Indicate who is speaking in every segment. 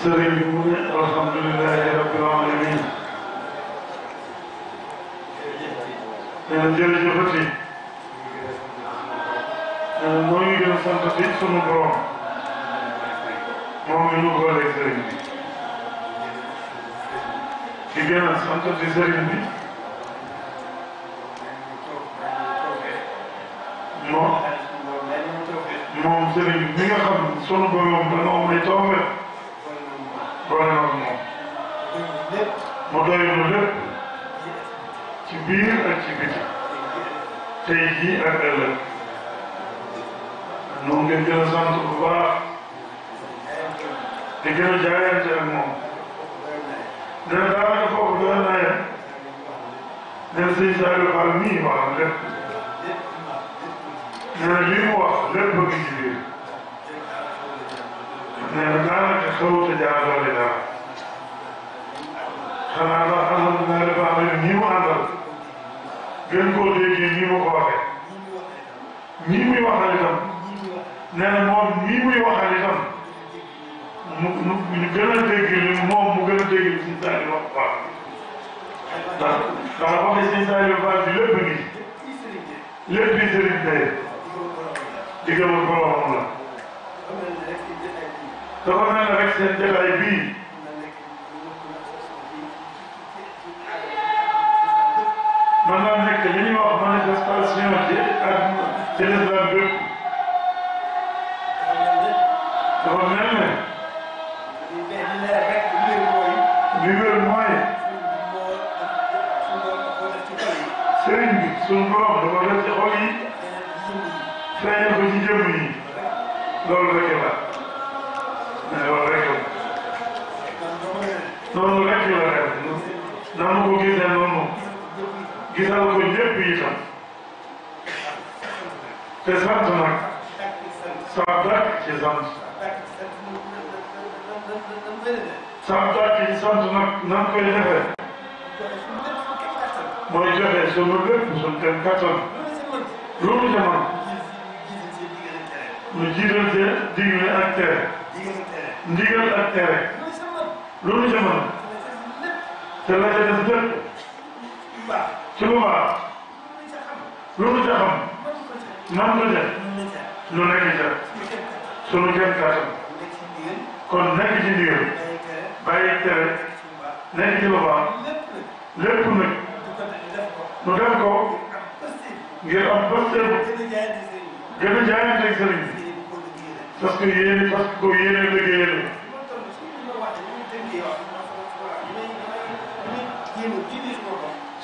Speaker 1: sëriñ bi mu ne alhamdulilahi rabbil alamin nee na jërëjëfati nee na moo ngi gën a sant di sunu borom moom mi ñu booleeg sëriñ bi di gën a sant di sëriñ bi moom moom sëriñ bi nga xam sunu borom boole ak moom. mu doylu lépp biir ak ci biti tey jii ak ëllëg noonu ngeen gën a sant bu baax di gën a jaayante ak moom nee na daanaka foofu doon na yem nee sëñ Saliou Fall mii wax lépp nee na lii mu wax lépp bëgg ci biir nee na xaruta jaa doole dara xanaa ndax amoon na la baax na ñi mu àndal gën koo déggee nii mu ko waxee nii muy waxal itam nee na moom nii muy waxal itam mu mu gën a dégg li moom mu gën a dégg li suñu taal yi wax baax ndax ndax waxi suñu taal yu baax bi lépp ngi lépp di sëriñ tey digal ko borom la dafa mel rek seen jotaay bii mën naa nekk li ñuy wax manifestation ci ak ci l'islam bépp dafa mel ne
Speaker 2: li wér mooy
Speaker 1: sëriñ bi suñu borom dafa def ci xol yi feeñal ko ci jëmm yi loolu rek la te sant nag sant dàkk ci sant
Speaker 2: sant dàkk ci sant nag nan koy defee
Speaker 1: mooy joxe sunu lépp sunu kenn kattan lu mu jamono ñu jiital te digle ak tere ndigal ak tere lu mu jamono te la ca des lépp ci lu baax lu mu ca xam noonu la def lu nekk ca sunu jëm kàttan kon nekk ci ndigal bàyyi tere nekk ci lu baax lépp nag nu def ko ngir am bëstëb gën a jaayante sëriñ bi parce que yéene parce que yéene liggéeyal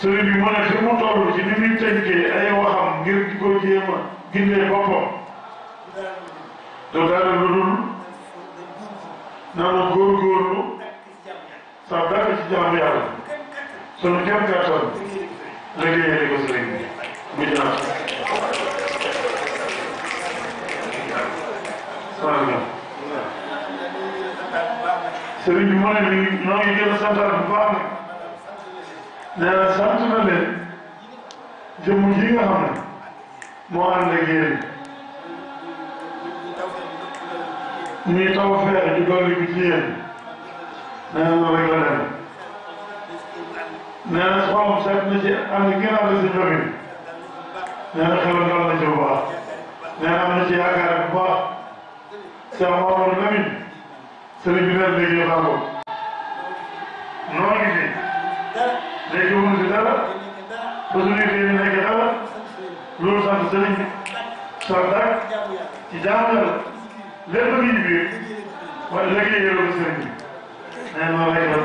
Speaker 1: sëriñ bi mu ne ni muy tënkee ay waxam ngir di ko jéem a gindee boppam du lu dul nanu góorgóorlu sax dara ci jaamu yàlla sunu kem kàttan liggéeyee ko sëriñ bi mu jaar ngi gën a nee na sant na leen jëmm ji nga xam moo ànd ak taw feex ju dolli bi ci yéen nee na loolu rek la dem nee na xolam seet na ci am na gën a ànd si ñoom nee na xelam dal na ci bu baax nee na am na ci yaakaar bu baax Seex bi ne léegi ñu xam ko léegi wuñu si dara ba suñuy xëy na nekk dara loolu sant sëriñ bi sant ak ci jaamu yàlla lépp a ngi biir waaye léegi yéeru sëriñ bi nee na lay dal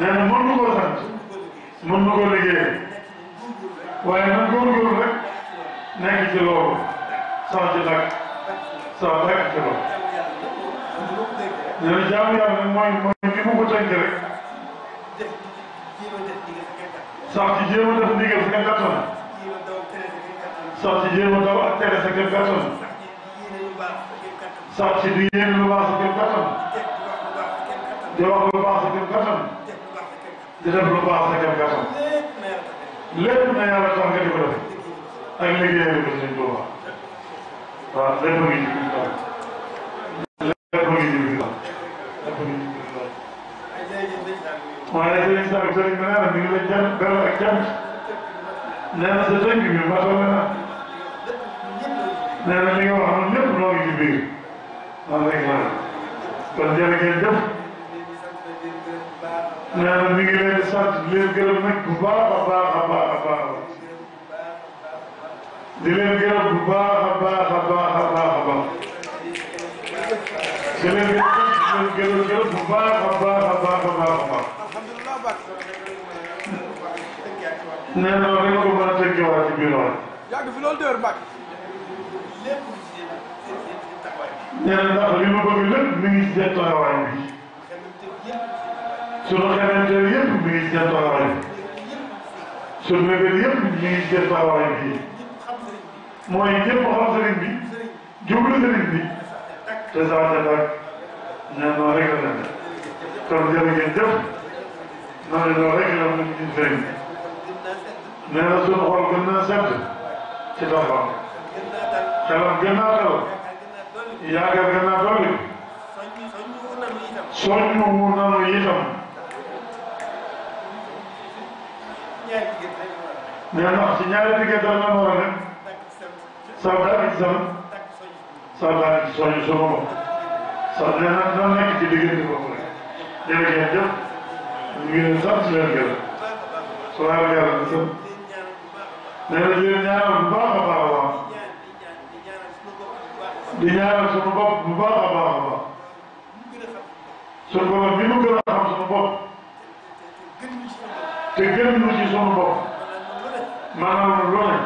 Speaker 1: nee na mën nu koo sant mën nu koo liggéeyee waaye nag góorgóorlu rek nekk ci loolu sant ci nag sant ak ci loolu mu ko tënk rek. sax ci jéem a def ndigal sa kem kattan
Speaker 2: sax ci jéem a daw
Speaker 1: ak tere sa kem kattan sax ci di yéene lu baax sa kem kattan di wax lu baax sa kem kattan di def lu baax sa kem kattan lépp na yàlla tax nga di ko def ak liggéey bi ko sëñ Tuuba waaw lépp ngi ci sëriñ bi nee na mi ngi lay jàmm beral ak jàmm nee na sa tënk bi ma soog na nee na li nga wax noonu ñëpp noo ngi ci biir man rek la kon jërë ngeen jëf nee na mi ngi leen di sant di leen gërëm nag bu baax a baax a baax a baax di leen gërëm bu baax a baax a baax a baax a baax di leen gërëm di leen gërëm bu baax a baax nee na loolu rek nga mën a tënkee waa ci biir loolu. yàgg fi loolu déwén Mbacke. nee na ndax li ma bëgg lépp mi ngi ci seen taxawaay bi. sunu xelanteel yëpp mi ngi ci seen bi. sunu mbébét yëpp mi te saa te nag. nee na loolu rek la kon jërë ngeen jëf. nee na loolu rek la mën nee na suñu xol gën naa sedd ci doomam xelam gën naa dal yaakaar gën naa dolli soññ wu nanu itam nee na ci ñaari diggante la ma war a nekk sax daal di sam sax daal di soññ suñu bopp sax nee na dina nekk ci diggante boobu rek jërëjëf ñu ngi leen léegi ñu ñaanal bu baax a baax a baax di ñaanal suñu bopp bu baax a baax a baax suñu bopp bi mu gën a xam suñu bopp te gën ñu ci suñu bopp maanaam lu ne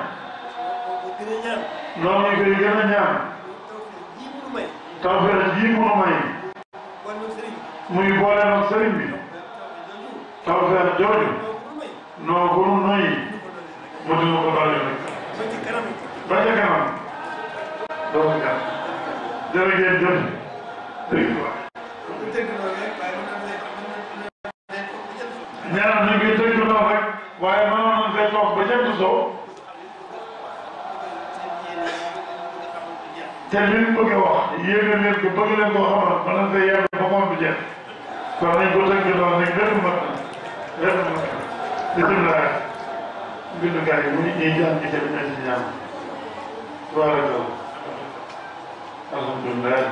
Speaker 1: noonu ñu koy gën a ñaan tawfeex ji mu may muy boole ak sëriñ bi tawfeex jooju noo ko noyyi. mu dugg ko baal yooyu. ba ca kanam. ba ca kanam. doo ko jàpp. jërëjëf jëf. dégg nga. ñaar ñu ngi dégg ndox rek waaye mënoon nañ fee toog ba jëm soo. te li ñu bëgg a wax yéen a leen ko bëgg leen koo xamal mën nañ fee yàgg ba moom bi jeex. kon nañ ko dégg ndox rek lépp mën na lépp mën na. bisimilah. bindu gars yi mu ngi ñuy jàpp ci tamit ay si ñaar wala alhamdulilah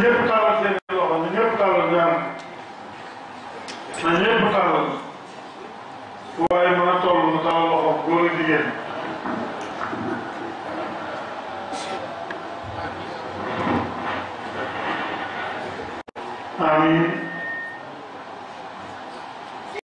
Speaker 1: ñëpp tàllal seen loxo na ñëpp tàllal ñaan na ñëpp tàllal waaye mën a toll na tàllal loxo góor ak jigéen amiin